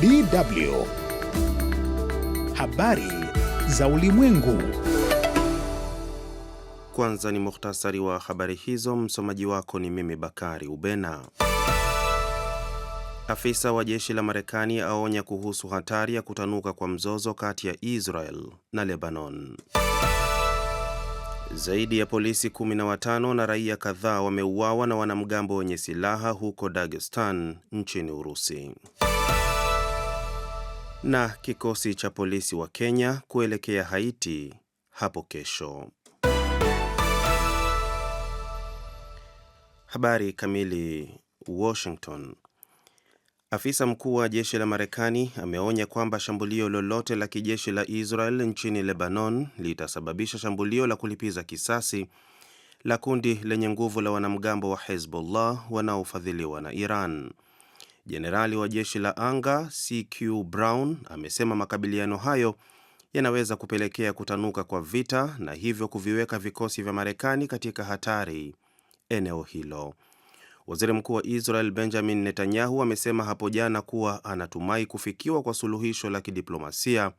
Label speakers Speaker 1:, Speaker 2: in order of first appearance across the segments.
Speaker 1: DW Habari za Ulimwengu.
Speaker 2: Kwanza ni muhtasari wa habari hizo. Msomaji wako ni mimi Bakari Ubena. Afisa wa jeshi la Marekani aonya kuhusu hatari ya kutanuka kwa mzozo kati ya Israel na Lebanon. Zaidi ya polisi 15 na raia kadhaa wameuawa na wanamgambo wenye silaha huko Dagestan nchini Urusi na kikosi cha polisi wa Kenya kuelekea Haiti hapo kesho. Habari kamili. Washington. Afisa mkuu wa jeshi la Marekani ameonya kwamba shambulio lolote la kijeshi la Israel nchini Lebanon litasababisha shambulio la kulipiza kisasi la kundi lenye nguvu la wanamgambo wa Hezbollah wanaofadhiliwa na Iran. Jenerali wa jeshi la anga CQ Brown amesema makabiliano hayo yanaweza kupelekea kutanuka kwa vita na hivyo kuviweka vikosi vya Marekani katika hatari eneo hilo. Waziri Mkuu wa Israel Benjamin Netanyahu amesema hapo jana kuwa anatumai kufikiwa kwa suluhisho la kidiplomasia,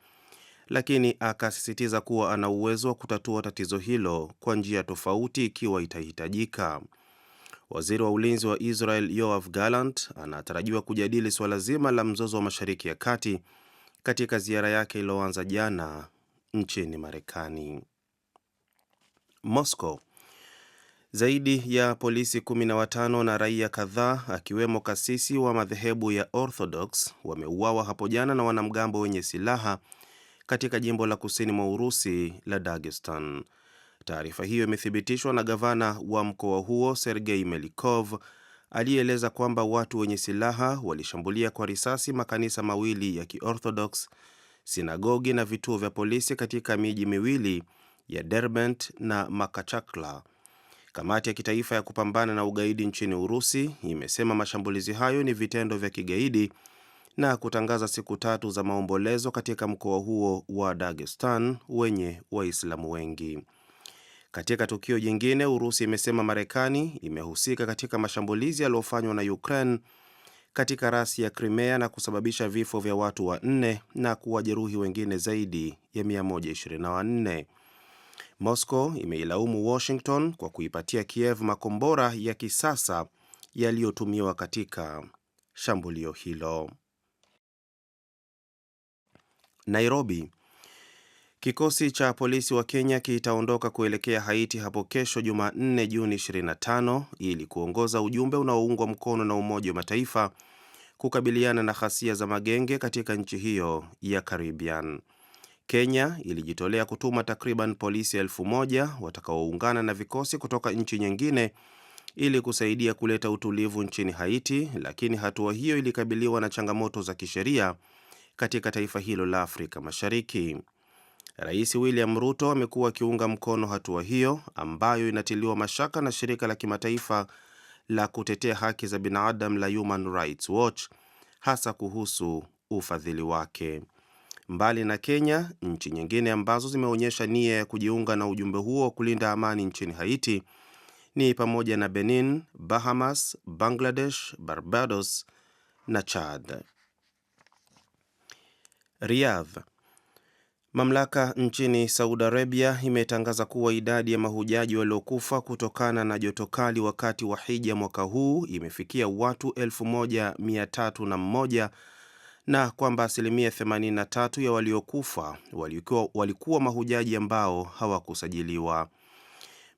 Speaker 2: lakini akasisitiza kuwa ana uwezo wa kutatua tatizo hilo kwa njia tofauti ikiwa itahitajika. Waziri wa ulinzi wa Israel Yoav Gallant anatarajiwa kujadili suala zima la mzozo wa Mashariki ya Kati katika ziara yake iliyoanza jana nchini Marekani. Moscow. Zaidi ya polisi 15 na watano na raia kadhaa akiwemo kasisi wa madhehebu ya Orthodox wameuawa hapo jana na wanamgambo wenye silaha katika jimbo la kusini mwa Urusi la Dagestan. Taarifa hiyo imethibitishwa na gavana wa mkoa huo Sergei Melikov aliyeeleza kwamba watu wenye silaha walishambulia kwa risasi makanisa mawili ya Kiorthodox, sinagogi na vituo vya polisi katika miji miwili ya Derbent na Makachakla. Kamati ya kitaifa ya kupambana na ugaidi nchini Urusi imesema mashambulizi hayo ni vitendo vya kigaidi na kutangaza siku tatu za maombolezo katika mkoa huo wa Dagestan wenye Waislamu wengi. Katika tukio jingine, Urusi imesema Marekani imehusika katika mashambulizi yaliyofanywa na Ukraine katika rasi ya Crimea na kusababisha vifo vya watu wanne na kuwajeruhi wengine zaidi ya 124. Moscow imeilaumu Washington kwa kuipatia Kiev makombora ya kisasa yaliyotumiwa katika shambulio hilo. Nairobi Kikosi cha polisi wa Kenya kitaondoka kuelekea Haiti hapo kesho Jumanne Juni 25 ili kuongoza ujumbe unaoungwa mkono na Umoja wa Mataifa kukabiliana na ghasia za magenge katika nchi hiyo ya Caribbean. Kenya ilijitolea kutuma takriban polisi elfu moja watakaoungana na vikosi kutoka nchi nyingine ili kusaidia kuleta utulivu nchini Haiti, lakini hatua hiyo ilikabiliwa na changamoto za kisheria katika taifa hilo la Afrika Mashariki. Rais William Ruto amekuwa akiunga mkono hatua hiyo ambayo inatiliwa mashaka na shirika la kimataifa la kutetea haki za binadamu la Human Rights Watch hasa kuhusu ufadhili wake. Mbali na Kenya, nchi nyingine ambazo zimeonyesha nia ya kujiunga na ujumbe huo wa kulinda amani nchini Haiti ni pamoja na Benin, Bahamas, Bangladesh, Barbados na Chad. Riyadh. Mamlaka nchini Saudi Arabia imetangaza kuwa idadi ya mahujaji waliokufa kutokana na joto kali wakati wa hija mwaka huu imefikia watu 1301 na kwamba asilimia 83 ya waliokufa walikuwa, walikuwa mahujaji ambao hawakusajiliwa.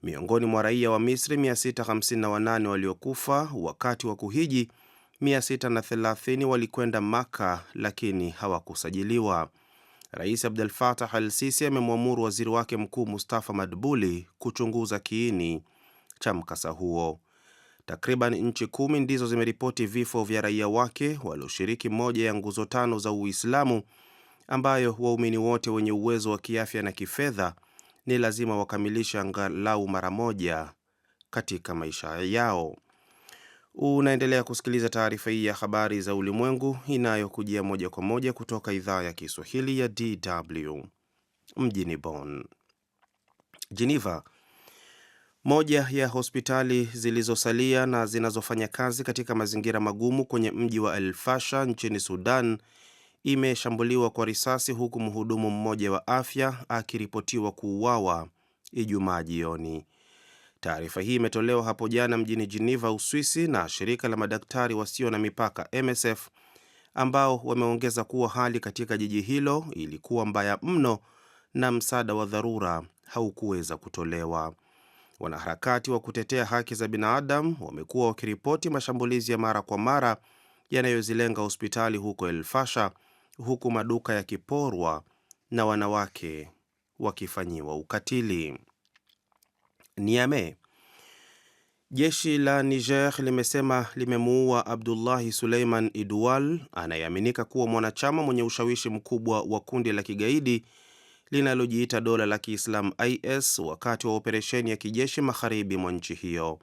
Speaker 2: Miongoni mwa raia wa Misri 658 waliokufa wakati wa kuhiji, 630 walikwenda Maka lakini hawakusajiliwa. Rais Abdel Fattah Al Sisi amemwamuru waziri wake mkuu Mustafa Madbuli kuchunguza kiini cha mkasa huo. Takriban nchi kumi ndizo zimeripoti vifo vya raia wake walioshiriki moja ya nguzo tano za Uislamu ambayo waumini wote wenye uwezo wa kiafya na kifedha ni lazima wakamilishe angalau mara moja katika maisha yao. Unaendelea kusikiliza taarifa hii ya habari za ulimwengu inayokujia moja kwa moja kutoka idhaa ya Kiswahili ya DW mjini Bonn. Geneva, moja ya hospitali zilizosalia na zinazofanya kazi katika mazingira magumu kwenye mji wa El Fasha nchini Sudan imeshambuliwa kwa risasi huku mhudumu mmoja wa afya akiripotiwa kuuawa Ijumaa jioni. Taarifa hii imetolewa hapo jana mjini Geneva, Uswisi, na shirika la madaktari wasio na mipaka MSF, ambao wameongeza kuwa hali katika jiji hilo ilikuwa mbaya mno na msaada wa dharura haukuweza kutolewa. Wanaharakati wa kutetea haki za binadamu wamekuwa wakiripoti mashambulizi ya mara kwa mara yanayozilenga hospitali huko elfasha huku maduka yakiporwa na wanawake wakifanyiwa ukatili niame Jeshi la Niger limesema limemuua Abdullahi Suleiman Idual anayeaminika kuwa mwanachama mwenye ushawishi mkubwa wa kundi la kigaidi linalojiita dola la Kiislamu IS wakati wa operesheni ya kijeshi magharibi mwa nchi hiyo.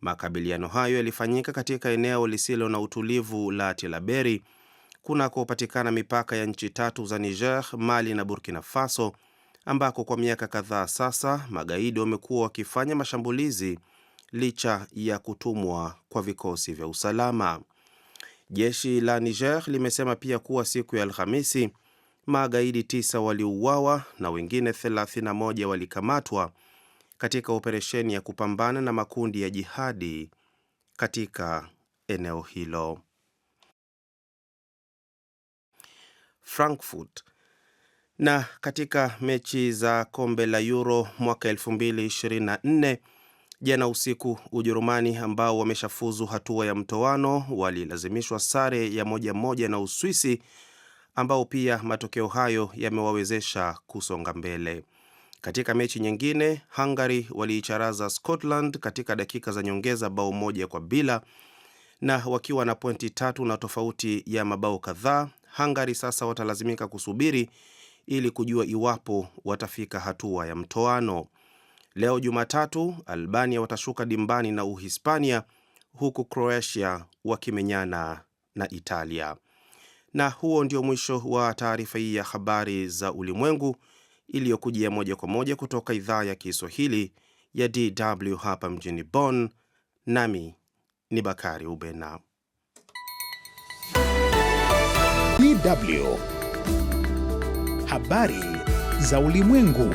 Speaker 2: Makabiliano hayo yalifanyika katika eneo lisilo na utulivu la Tilaberi kunakopatikana mipaka ya nchi tatu za Niger, Mali na Burkina Faso ambako kwa miaka kadhaa sasa magaidi wamekuwa wakifanya mashambulizi licha ya kutumwa kwa vikosi vya usalama. Jeshi la Niger limesema pia kuwa siku ya Alhamisi magaidi tisa waliuawa na wengine 31 walikamatwa katika operesheni ya kupambana na makundi ya jihadi katika eneo hilo. Frankfurt na katika mechi za kombe la Euro mwaka 2024 jana usiku, Ujerumani ambao wameshafuzu hatua ya mtoano walilazimishwa sare ya moja moja na Uswisi ambao pia matokeo hayo yamewawezesha kusonga mbele. Katika mechi nyingine, Hungary waliicharaza Scotland katika dakika za nyongeza bao moja kwa bila, na wakiwa na pointi tatu na tofauti ya mabao kadhaa, Hungary sasa watalazimika kusubiri ili kujua iwapo watafika hatua ya mtoano. Leo Jumatatu, Albania watashuka dimbani na Uhispania, huku Croatia wakimenyana na Italia. Na huo ndio mwisho wa taarifa hii ya habari za ulimwengu iliyokujia moja kwa moja kutoka idhaa ya Kiswahili ya DW hapa mjini Bonn, nami ni Bakari Ubena.
Speaker 1: DW habari za ulimwengu.